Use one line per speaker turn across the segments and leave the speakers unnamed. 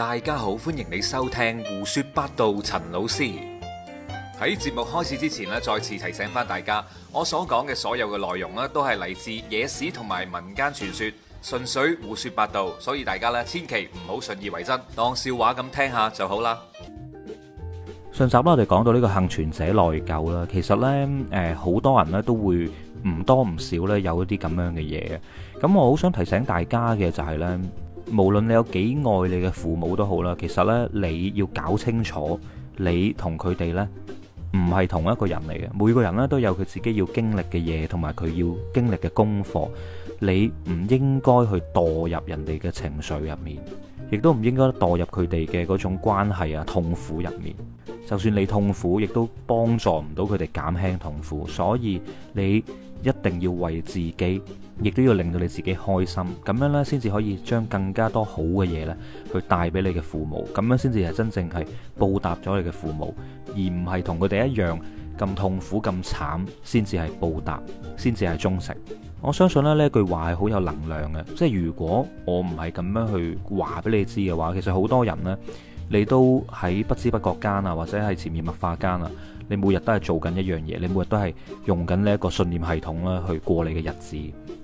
大家好，歡迎你收聽胡說八道。陳老師喺節目開始之前呢，再次提醒翻大家，我所講嘅所有嘅內容呢，都係嚟自野史同埋民間傳說，純粹胡說八道，所以大家呢，千祈唔好信以為真，當笑話咁聽下就好啦。上集啦，我哋講到呢個幸存者內疚啦，其實呢，誒、呃，好多人呢都會唔多唔少呢有一啲咁樣嘅嘢嘅。咁我好想提醒大家嘅就係、是、呢。無論你有幾愛你嘅父母都好啦，其實呢，你要搞清楚，你同佢哋呢唔係同一個人嚟嘅。每個人呢都有佢自己要經歷嘅嘢，同埋佢要經歷嘅功課。你唔應該去墮入人哋嘅情緒入面，亦都唔應該墮入佢哋嘅嗰種關係啊痛苦入面。就算你痛苦，亦都幫助唔到佢哋減輕痛苦。所以你。一定要為自己，亦都要令到你自己開心，咁樣呢，先至可以將更加多好嘅嘢呢去帶俾你嘅父母，咁樣先至係真正係報答咗你嘅父母，而唔係同佢哋一樣咁痛苦、咁慘，先至係報答，先至係忠誠。我相信呢句話係好有能量嘅，即係如果我唔係咁樣去話俾你知嘅話，其實好多人呢，你都喺不知不覺間啊，或者係潛移默化間啊。你每日都係做緊一樣嘢，你每日都係用緊呢一個信念系統啦，去過你嘅日子。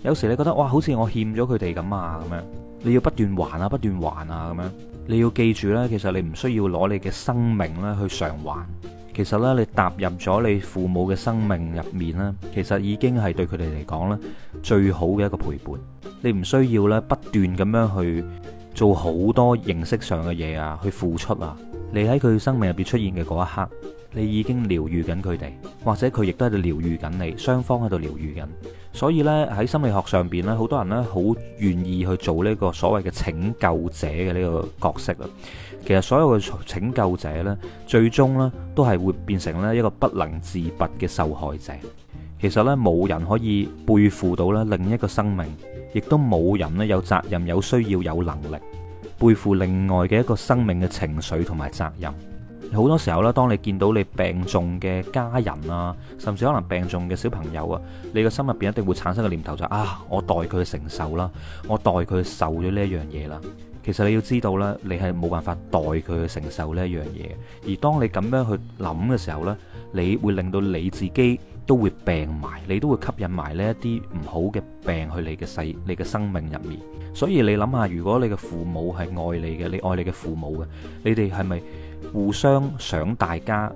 有時你覺得哇，好似我欠咗佢哋咁啊，咁樣你要不斷還啊，不斷還啊，咁樣你要記住呢，其實你唔需要攞你嘅生命咧去償還。其實呢，你踏入咗你父母嘅生命入面呢，其實已經係對佢哋嚟講呢最好嘅一個陪伴。你唔需要呢不斷咁樣去做好多形式上嘅嘢啊，去付出啊。你喺佢生命入邊出現嘅嗰一刻，你已經療癒緊佢哋，或者佢亦都喺度療癒緊你，雙方喺度療癒緊。所以呢，喺心理學上邊呢，好多人呢，好願意去做呢個所謂嘅拯救者嘅呢個角色啦。其實所有嘅拯救者呢，最終呢都係會變成呢一個不能自拔嘅受害者。其實呢，冇人可以背負到呢另一個生命，亦都冇人呢有責任、有需要、有能力。背負另外嘅一個生命嘅情緒同埋責任，好多時候咧，當你見到你病重嘅家人啊，甚至可能病重嘅小朋友啊，你個心入邊一定會產生嘅念頭就係，啊，我代佢去承受啦，我代佢受咗呢一樣嘢啦。其實你要知道呢，你係冇辦法代佢去承受呢一樣嘢，而當你咁樣去諗嘅時候呢，你會令到你自己。都會病埋，你都會吸引埋呢一啲唔好嘅病去你嘅世、你嘅生命入面。所以你諗下，如果你嘅父母係愛你嘅，你愛你嘅父母嘅，你哋係咪互相想大家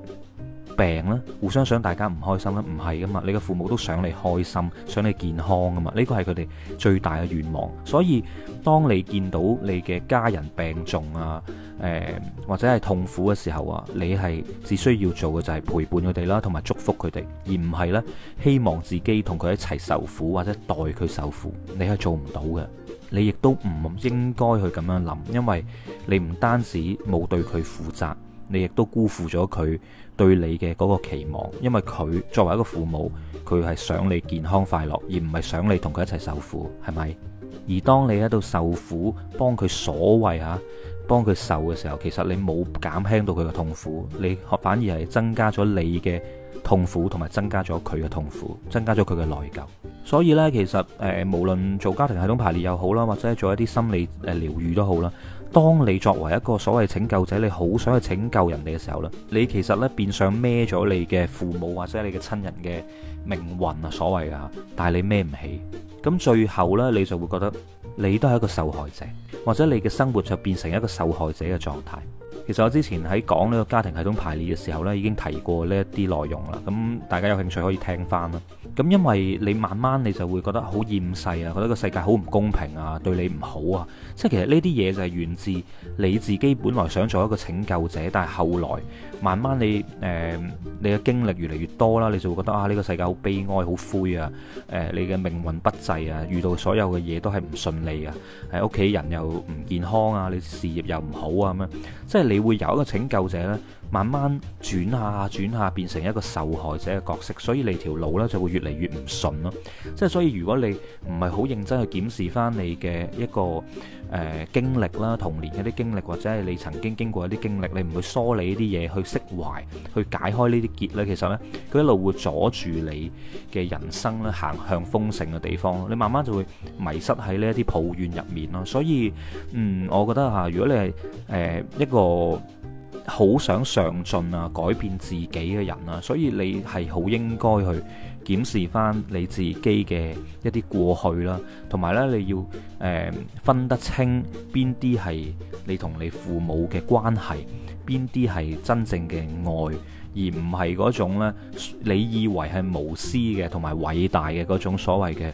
病啦，互相想大家唔開心啦，唔係噶嘛？你嘅父母都想你開心，想你健康噶嘛。呢個係佢哋最大嘅願望。所以當你見到你嘅家人病重啊，誒或者係痛苦嘅時候啊，你係只需要做嘅就係陪伴佢哋啦，同埋祝福佢哋，而唔係咧希望自己同佢一齊受苦或者代佢受苦，你係做唔到嘅。你亦都唔應該去咁樣諗，因為你唔單止冇對佢負責，你亦都辜負咗佢。對你嘅嗰個期望，因為佢作為一個父母，佢係想你健康快樂，而唔係想你同佢一齊受苦，係咪？而當你喺度受苦，幫佢所謂嚇，幫佢受嘅時候，其實你冇減輕到佢嘅痛苦，你反而係增加咗你嘅痛苦，同埋增加咗佢嘅痛苦，增加咗佢嘅內疚。所以呢，其實誒、呃，無論做家庭系統排列又好啦，或者做一啲心理誒療愈都好啦。當你作為一個所謂拯救者，你好想去拯救人哋嘅時候呢，你其實呢變相孭咗你嘅父母或者你嘅親人嘅命運啊，所謂啊，但係你孭唔起，咁最後呢，你就會覺得你都係一個受害者，或者你嘅生活就變成一個受害者嘅狀態。其實我之前喺講呢個家庭系統排列嘅時候呢，已經提過呢一啲內容啦。咁大家有興趣可以聽翻啦。咁因為你慢慢你就會覺得好厭世啊，覺得個世界好唔公平啊，對你唔好啊。即係其實呢啲嘢就係源自你自己本來想做一個拯救者，但係後來慢慢你誒、呃、你嘅經歷越嚟越多啦，你就會覺得啊呢、呢個世界好悲哀、好灰啊。誒、呃、你嘅命運不濟啊，遇到所有嘅嘢都係唔順利啊。喺屋企人又唔健康啊，你事業又唔好啊咁樣。即係你。會有一個拯救者咧。慢慢轉下轉下，變成一個受害者嘅角色，所以你條路呢就會越嚟越唔順咯。即係所以，如果你唔係好認真去檢視翻你嘅一個誒、呃、經歷啦，童年嘅啲經歷，或者係你曾經經過一啲經歷，你唔會梳理呢啲嘢，去釋懷，去解開呢啲結咧，其實呢，佢一路會阻住你嘅人生咧，行向豐盛嘅地方。你慢慢就會迷失喺呢一啲抱怨入面咯。所以嗯，我覺得嚇，如果你係誒、呃、一個，好想上進啊，改變自己嘅人啊，所以你係好應該去檢視返你自己嘅一啲過去啦，同埋呢你要誒、呃、分得清邊啲係你同你父母嘅關係，邊啲係真正嘅愛。而唔係嗰種呢，你以為係無私嘅同埋偉大嘅嗰種所謂嘅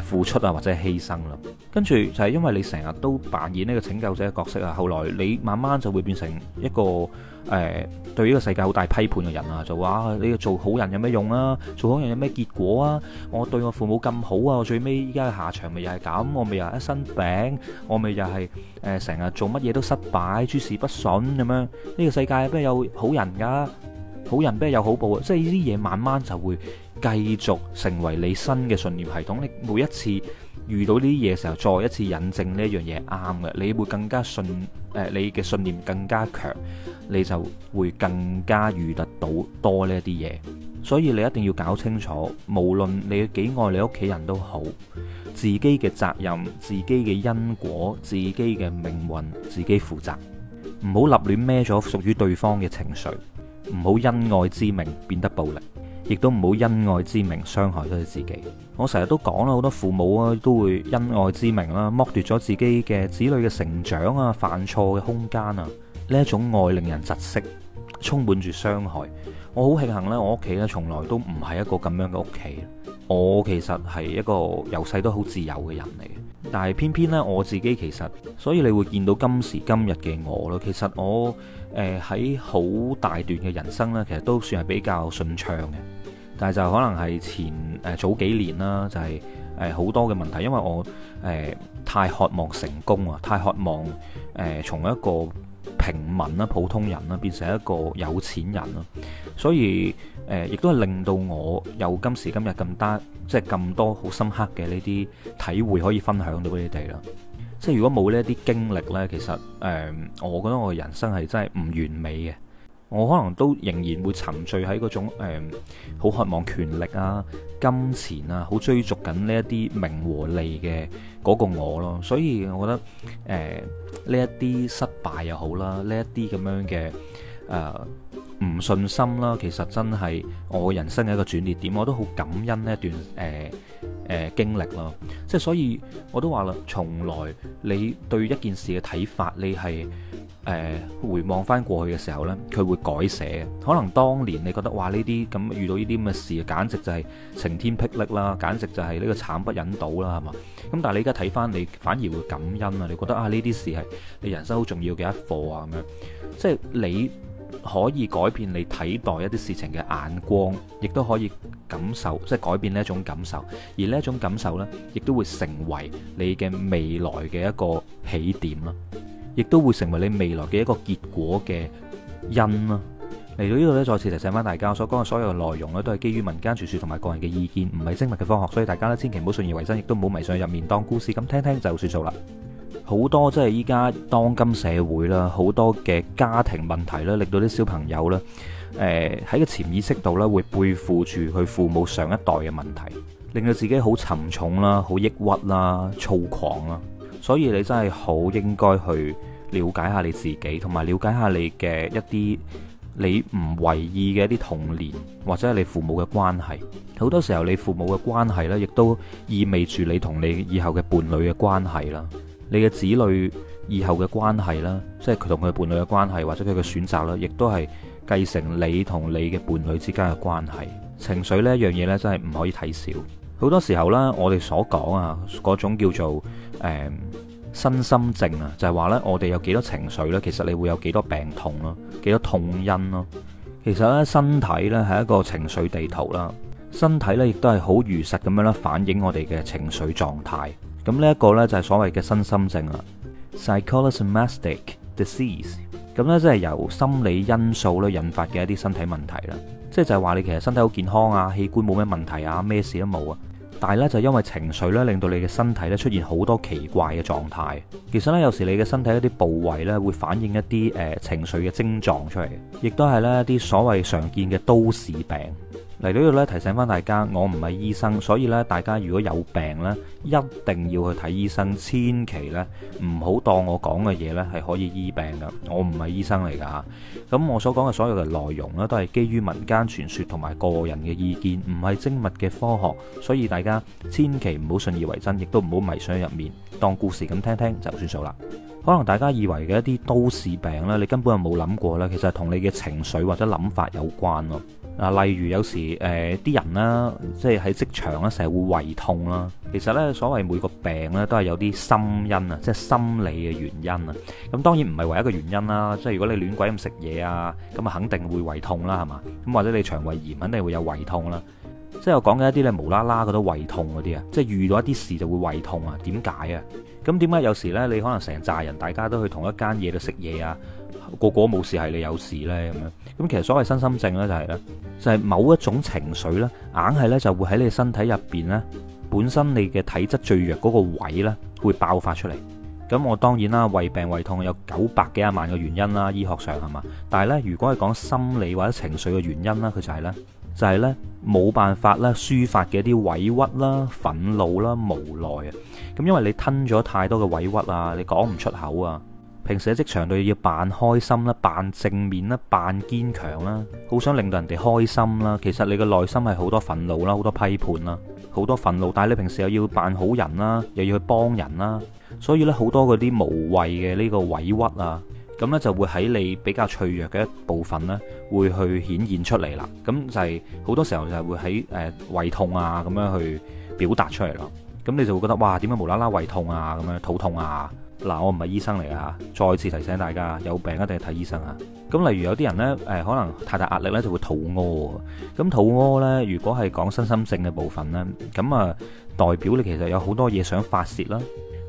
誒付出啊，或者犧牲啦。跟住就係因為你成日都扮演呢個拯救者嘅角色啊，後來你慢慢就會變成一個。誒、呃，對呢個世界好大批判嘅人啊，就話你要做好人有咩用啊？做好人有咩結果啊？我對我父母咁好啊，我最尾依家下場咪又係咁？我咪又係一身病？我咪又係誒成日做乜嘢都失敗、諸事不順咁樣？呢、呢個世界邊有好人噶？好人邊有好報啊？即係呢啲嘢慢慢就會繼續成為你新嘅信念系統。你每一次。遇到呢啲嘢嘅時候，再一次引證呢一樣嘢啱嘅，你會更加信，誒、呃、你嘅信念更加強，你就會更加遇得到多呢啲嘢。所以你一定要搞清楚，無論你幾愛你屋企人都好，自己嘅責任、自己嘅因果、自己嘅命運，自己負責，唔好立亂孭咗屬於對方嘅情緒，唔好因愛之名變得暴力，亦都唔好因愛之名傷害咗你自己。我成日都講啦，好多父母啊都會因愛之名啦，剝奪咗自己嘅子女嘅成長啊、犯錯嘅空間啊，呢一種愛令人窒息，充滿住傷害。我好慶幸呢，我屋企呢從來都唔係一個咁樣嘅屋企。我其實係一個由細都好自由嘅人嚟嘅，但係偏偏呢，我自己其實，所以你會見到今時今日嘅我咯。其實我誒喺好大段嘅人生呢，其實都算係比較順暢嘅。但就可能係前誒、呃、早幾年啦，就係誒好多嘅問題，因為我誒、呃、太渴望成功啊，太渴望誒、呃、從一個平民啦、普通人啦變成一個有錢人啦，所以誒、呃、亦都係令到我有今時今日咁多即係咁多好深刻嘅呢啲體會可以分享到畀你哋啦。即係如果冇呢啲經歷呢，其實誒、呃、我覺得我人生係真係唔完美嘅。我可能都仍然會沉醉喺嗰種好、呃、渴望權力啊、金錢啊，好追逐緊呢一啲名和利嘅嗰個我咯。所以，我覺得誒呢、呃、一啲失敗又好啦，呢一啲咁樣嘅誒唔信心啦，其實真係我人生嘅一個轉捩點。我都好感恩呢一段誒誒、呃呃、經歷咯。即係所以，我都話啦，從來你對一件事嘅睇法你，你係。誒，回望翻過去嘅時候呢，佢會改寫。可能當年你覺得哇，呢啲咁遇到呢啲咁嘅事，簡直就係晴天霹靂啦，簡直就係呢個慘不忍睹啦，係嘛？咁但係你而家睇翻，你反而會感恩啊！你覺得啊，呢啲事係你人生好重要嘅一課啊咁樣，即係你可以改變你睇待一啲事情嘅眼光，亦都可以感受，即係改變呢一種感受，而呢一種感受呢，亦都會成為你嘅未來嘅一個起點啦。亦都會成為你未來嘅一個結果嘅因啦、啊。嚟到呢度咧，再次提醒翻大家，我所講嘅所有內容咧，都係基於民間傳説同埋個人嘅意見，唔係精密嘅科學，所以大家咧千祈唔好信以為真，亦都唔好迷上入面當故事咁聽聽就算數啦。好多即係依家當今社會啦，好多嘅家庭問題咧，令到啲小朋友咧，誒喺個潛意識度咧，會背負住佢父母上一代嘅問題，令到自己好沉重啦、好抑鬱啦、躁狂啊。所以你真係好應該去了解下你自己，同埋了解下你嘅一啲你唔為意嘅一啲童年，或者係你父母嘅關係。好多時候你父母嘅關係呢，亦都意味住你同你以後嘅伴侶嘅關係啦，你嘅子女以後嘅關係啦，即係佢同佢伴侶嘅關係，或者佢嘅選擇啦，亦都係繼承你同你嘅伴侶之間嘅關係。情緒呢一樣嘢呢，真係唔可以睇少。好多時候咧，我哋所講啊，嗰種叫做誒、嗯、身心症啊，就係話呢，我哋有幾多情緒呢？其實你會有幾多病痛咯，幾多痛因咯。其實呢，身體呢係一個情緒地圖啦，身體呢亦都係好如實咁樣咧反映我哋嘅情緒狀態。咁呢一個呢，就係所謂嘅身心症啦，psychosomatic disease。咁呢，即係由心理因素咧引發嘅一啲身體問題啦。即係就係話你其實身體好健康啊，器官冇咩問題啊，咩事都冇啊。但係咧，就因為情緒咧，令到你嘅身體咧出現好多奇怪嘅狀態。其實咧，有時你嘅身體一啲部位咧，會反映一啲誒、呃、情緒嘅徵狀出嚟，亦都係咧一啲所謂常見嘅都市病。嚟到呢度呢，提醒翻大家，我唔係醫生，所以呢，大家如果有病呢，一定要去睇醫生，千祈呢，唔好當我講嘅嘢呢，係可以醫病噶，我唔係醫生嚟噶。咁我所講嘅所有嘅內容呢，都係基於民間傳說同埋個人嘅意見，唔係精密嘅科學，所以大家千祈唔好信以為真，亦都唔好迷信入面，當故事咁聽聽就算數啦。可能大家以為嘅一啲都市病呢，你根本就冇諗過呢，其實同你嘅情緒或者諗法有關咯。嗱，例如有時誒啲、呃、人啦，即係喺職場啦，成日會胃痛啦。其實呢，所謂每個病呢，都係有啲心因啊，即係心理嘅原因啊。咁當然唔係唯一嘅原因啦。即係如果你亂鬼咁食嘢啊，咁啊肯定會胃痛啦，係嘛？咁或者你腸胃炎肯定會有胃痛啦。即係我講緊一啲咧無啦啦嗰啲胃痛嗰啲啊，即係遇到一啲事就會胃痛啊？點解啊？咁點解有時呢，你可能成扎人大家都去同一間嘢度食嘢啊？個個冇事係你有事呢。咁樣，咁其實所謂身心症呢、就係，就係呢，就係某一種情緒呢。硬係呢，就會喺你身體入邊呢，本身你嘅體質最弱嗰個位呢，會爆發出嚟。咁我當然啦，胃病胃痛有九百幾啊萬嘅原因啦，醫學上係嘛。但係呢，如果係講心理或者情緒嘅原因啦，佢就係、係、呢，就係呢，冇辦法啦，抒發嘅啲委屈啦、憤怒啦、無奈啊。咁因為你吞咗太多嘅委屈啊，你講唔出口啊。平時喺職場度要扮開心啦，扮正面啦，扮堅強啦，好想令到人哋開心啦。其實你嘅內心係好多憤怒啦，好多批判啦，好多憤怒。但係你平時又要扮好人啦，又要去幫人啦，所以咧好多嗰啲無謂嘅呢個委屈啊，咁咧就會喺你比較脆弱嘅一部分咧，會去顯現出嚟啦。咁就係好多時候就係會喺誒、呃、胃痛啊咁樣去表達出嚟咯。咁你就會覺得哇，點解無啦啦胃痛啊，咁樣肚痛啊？嗱，我唔係醫生嚟㗎吓，再次提醒大家，有病一定要睇醫生啊！咁例如有啲人呢，誒可能太大壓力呢就會肚屙喎。咁肚屙呢，如果係講身心症嘅部分呢，咁啊代表你其實有好多嘢想發泄啦，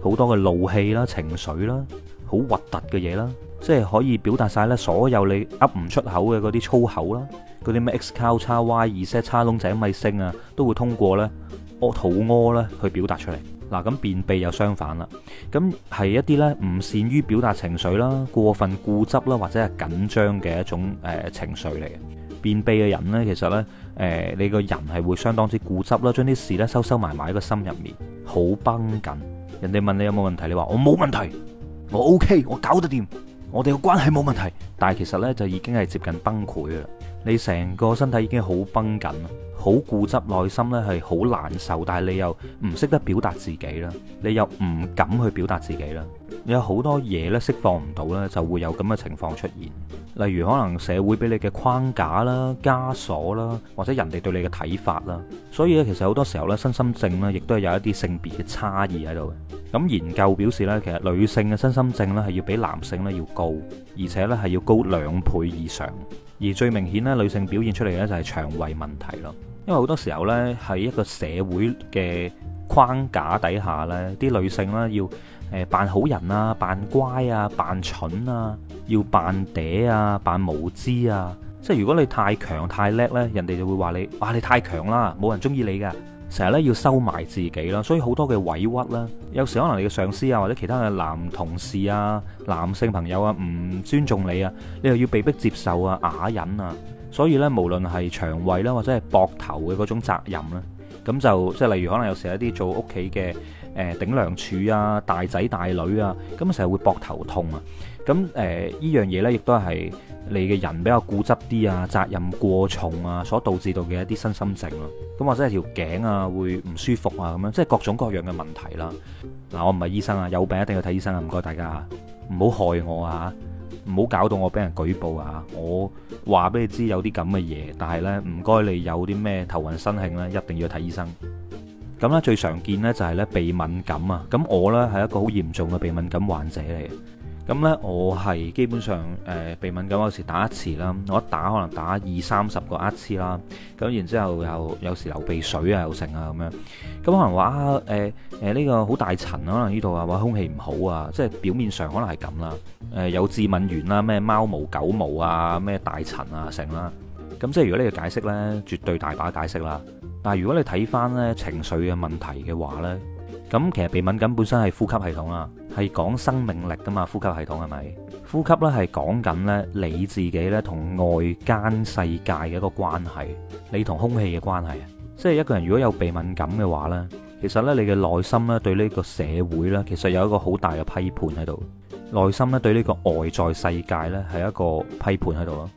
好多嘅怒氣啦、情緒啦、好核突嘅嘢啦，即係可以表達晒呢所有你噏唔出口嘅嗰啲粗口啦，嗰啲咩 X 交叉 Y 二 set 叉窿仔咪聲啊，都會通過呢「屙肚屙」呢去表達出嚟。嗱，咁便秘又相反啦。咁係一啲咧唔善於表達情緒啦，過分固執啦，或者係緊張嘅一種誒情緒嚟嘅。便秘嘅人呢，其實呢，誒、呃，你個人係會相當之固執啦，將啲事咧收收埋埋喺個心入面，好繃緊。人哋問你有冇問題？你話我冇問題，我 OK，我搞得掂，我哋嘅關係冇問題。但係其實呢，就已經係接近崩潰啦。你成個身體已經好繃緊，好固執，內心咧係好難受，但係你又唔識得表達自己啦，你又唔敢去表達自己啦，你有好多嘢咧釋放唔到咧，就會有咁嘅情況出現。例如可能社會俾你嘅框架啦、枷鎖啦，或者人哋對你嘅睇法啦，所以咧其實好多時候咧，身心症咧亦都係有一啲性別嘅差異喺度。咁研究表示咧，其實女性嘅身心症咧係要比男性咧要高，而且咧係要高兩倍以上。而最明顯咧，女性表現出嚟咧就係腸胃問題咯。因為好多時候呢，喺一個社會嘅框架底下呢，啲女性啦要誒扮好人啊、扮乖啊、扮蠢啊，要扮嗲啊、扮無知啊。即係如果你太強太叻呢，人哋就會話你：哇，你太強啦，冇人鍾意你㗎。成日咧要收埋自己啦，所以好多嘅委屈啦，有時可能你嘅上司啊，或者其他嘅男同事啊、男性朋友啊，唔尊重你啊，你又要被迫接受啊、啞忍啊，所以呢，無論係腸胃啦，或者係膊頭嘅嗰種責任咧，咁就即係例如可能有時一啲做屋企嘅誒頂梁柱啊、大仔大女啊，咁成日會膊頭痛啊，咁誒呢樣嘢呢，亦都係你嘅人比較固執啲啊，責任過重啊，所導致到嘅一啲身心症啊。或者係條頸啊會唔舒服啊咁樣，即係各種各樣嘅問題啦。嗱，我唔係醫生啊，有病一定要睇醫生啊。唔該大家啊，唔好害我啊，唔好搞到我俾人舉報啊。我話俾你知有啲咁嘅嘢，但係呢，唔該你有啲咩頭暈身㷫呢，一定要睇醫生。咁咧最常見呢就係呢鼻敏感啊。咁我呢，係一個好嚴重嘅鼻敏感患者嚟。咁呢，我係基本上誒、呃、鼻敏感嗰時打一次啦，我一打可能打二三十個一次啦。咁然之後又有，有時流鼻水啊，又成啊咁樣。咁可能話誒誒呢個好大塵，可能呢度啊話空氣唔好啊，即係表面上可能係咁啦。誒、呃、有致敏原啦，咩貓毛、狗毛啊，咩大塵啊，成啦。咁即係如果你嘅解釋呢，絕對大把解釋啦。但係如果你睇翻呢情緒嘅問題嘅話呢，咁其實鼻敏感本身係呼吸系統啊，係講生命力㗎嘛。呼吸系統係咪？呼吸咧係講緊呢你自己呢同外間世界嘅一個關係，你同空氣嘅關係啊。即係一個人如果有鼻敏感嘅話呢，其實呢你嘅內心呢對呢個社會呢其實有一個好大嘅批判喺度，內心呢對呢個外在世界呢係一個批判喺度咯。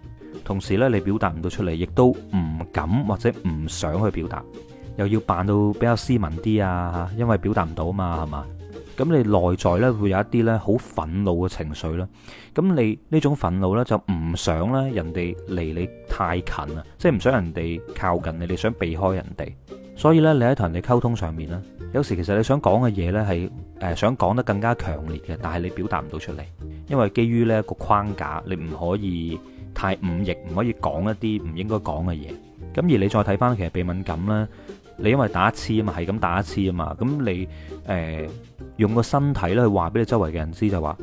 同時呢，你表達唔到出嚟，亦都唔敢或者唔想去表達。又要扮到比較斯文啲啊，因為表達唔到嘛，係嘛？咁你內在呢會有一啲呢好憤怒嘅情緒啦。咁你呢種憤怒呢，就唔想咧人哋離你太近啊，即係唔想人哋靠近你，你想避開人哋。所以呢，你喺同人哋溝通上面呢，有時其實你想講嘅嘢呢係誒想講得更加強烈嘅，但係你表達唔到出嚟，因為基於呢個框架，你唔可以太忤逆，唔可以講一啲唔應該講嘅嘢。咁而你再睇翻其實鼻敏感咧。你因為打一次啊嘛，係咁打一次啊嘛，咁你誒、呃、用個身體咧去話俾你周圍嘅人知，就話，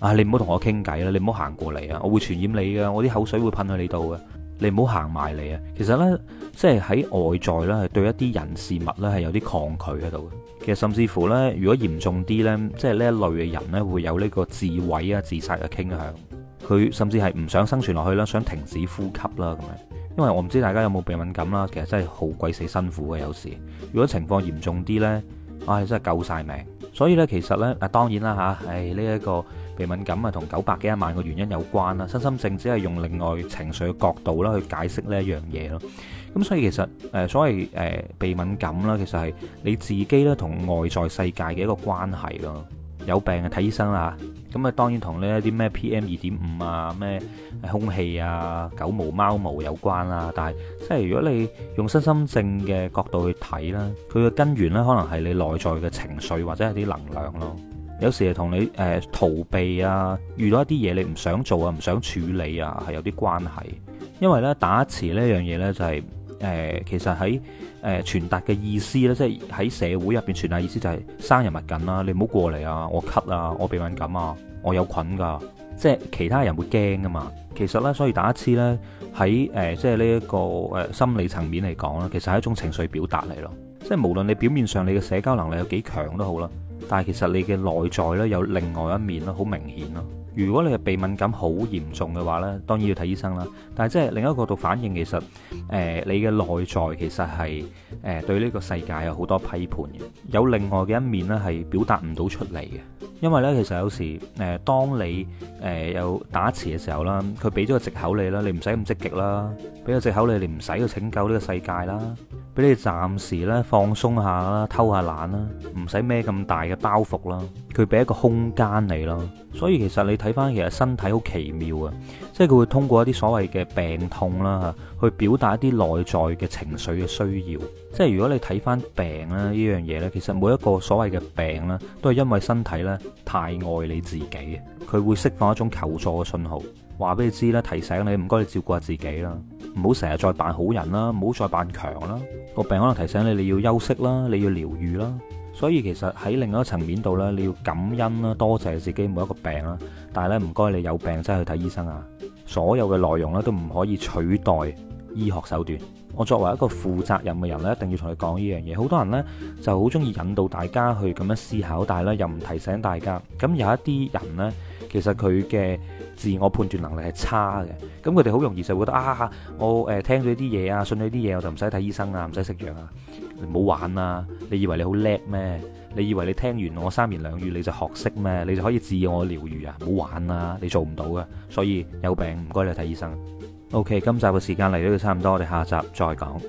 啊你唔好同我傾偈啦，你唔好行過嚟，啊我會傳染你嘅，我啲口水會噴喺你度嘅，你唔好行埋嚟啊。其實呢，即係喺外在呢，係對一啲人事物呢係有啲抗拒喺度嘅。其實甚至乎呢，如果嚴重啲呢，即係呢一類嘅人呢，會有呢個自毀啊、自殺嘅傾向，佢甚至係唔想生存落去啦，想停止呼吸啦咁樣。因為我唔知大家有冇鼻敏感啦，其實真係好鬼死辛苦嘅有時。如果情況嚴重啲呢，唉、哎、真係救晒命。所以呢，其實呢，嗱，當然啦吓，唉呢一個鼻敏感啊同九百幾一萬個原因有關啦。身心症只係用另外情緒嘅角度啦去解釋呢一樣嘢咯。咁所以其實誒所謂誒、呃、鼻敏感啦，其實係你自己咧同外在世界嘅一個關係咯。有病啊睇醫生啦。咁啊，當然同呢啲咩 PM 二點五啊、咩空氣啊、狗毛、貓毛有關啦。但係即係如果你用身心症嘅角度去睇啦，佢嘅根源呢，可能係你內在嘅情緒或者係啲能量咯。有時係同你誒、呃、逃避啊，遇到一啲嘢你唔想做啊、唔想處理啊係有啲關係。因為呢，打一字呢樣嘢呢，就係、是。誒、呃，其實喺誒傳達嘅意思咧，即係喺社會入邊傳達意思就係生人勿近啦。你唔好過嚟啊！我咳啊，我鼻敏感啊，我有菌噶、啊。即係其他人會驚噶嘛。其實呢，所以打一次呢，喺誒、呃，即係呢一個誒心理層面嚟講咧，其實係一種情緒表達嚟咯。即係無論你表面上你嘅社交能力有幾強都好啦，但係其實你嘅內在呢，有另外一面咯，好明顯咯。如果你嘅鼻敏感好嚴重嘅話呢，當然要睇醫生啦。但係即係另一個角度反應，其實誒、呃、你嘅內在其實係誒、呃、對呢個世界有好多批判嘅，有另外嘅一面咧係表達唔到出嚟嘅。因為呢，其實有時誒、呃，當你誒有打詞嘅時候啦，佢俾咗個藉口你啦，你唔使咁積極啦，俾個藉口你，你唔使去拯救呢個世界啦，俾你暫時咧放鬆下啦，偷下懶啦，唔使孭咁大嘅包袱啦，佢俾一個空間你囉。所以其實你睇翻，其實身體好奇妙啊，即係佢會通過一啲所謂嘅病痛啦，去表達一啲內在嘅情緒嘅需要。即係如果你睇翻病啦，呢樣嘢呢，其實每一個所謂嘅病啦，都係因為身體呢，太愛你自己，佢會釋放一種求助嘅信號，話俾你知啦，提醒你唔該你照顧下自己啦，唔好成日再扮好人啦，唔好再扮強啦，個病可能提醒你你要休息啦，你要療愈啦，所以其實喺另一層面度咧，你要感恩啦，多謝自己每一個病啦，但係咧唔該你有病真係去睇醫生啊，所有嘅內容咧都唔可以取代醫學手段。我作為一個負責任嘅人呢，一定要同你講呢樣嘢。好多人呢就好中意引導大家去咁樣思考，但係咧又唔提醒大家。咁有一啲人呢，其實佢嘅自我判斷能力係差嘅。咁佢哋好容易就會覺得啊，我誒聽咗啲嘢啊，信咗啲嘢我就唔使睇醫生啊，唔使食藥啊。你唔好玩啊！你以為你好叻咩？你以為你聽完我三言兩語你就學識咩？你就可以自我療愈啊？唔好玩啊！你做唔到啊。」所以有病唔該你睇醫生。O.K. 今集嘅時間嚟到就差唔多，我哋下集再講。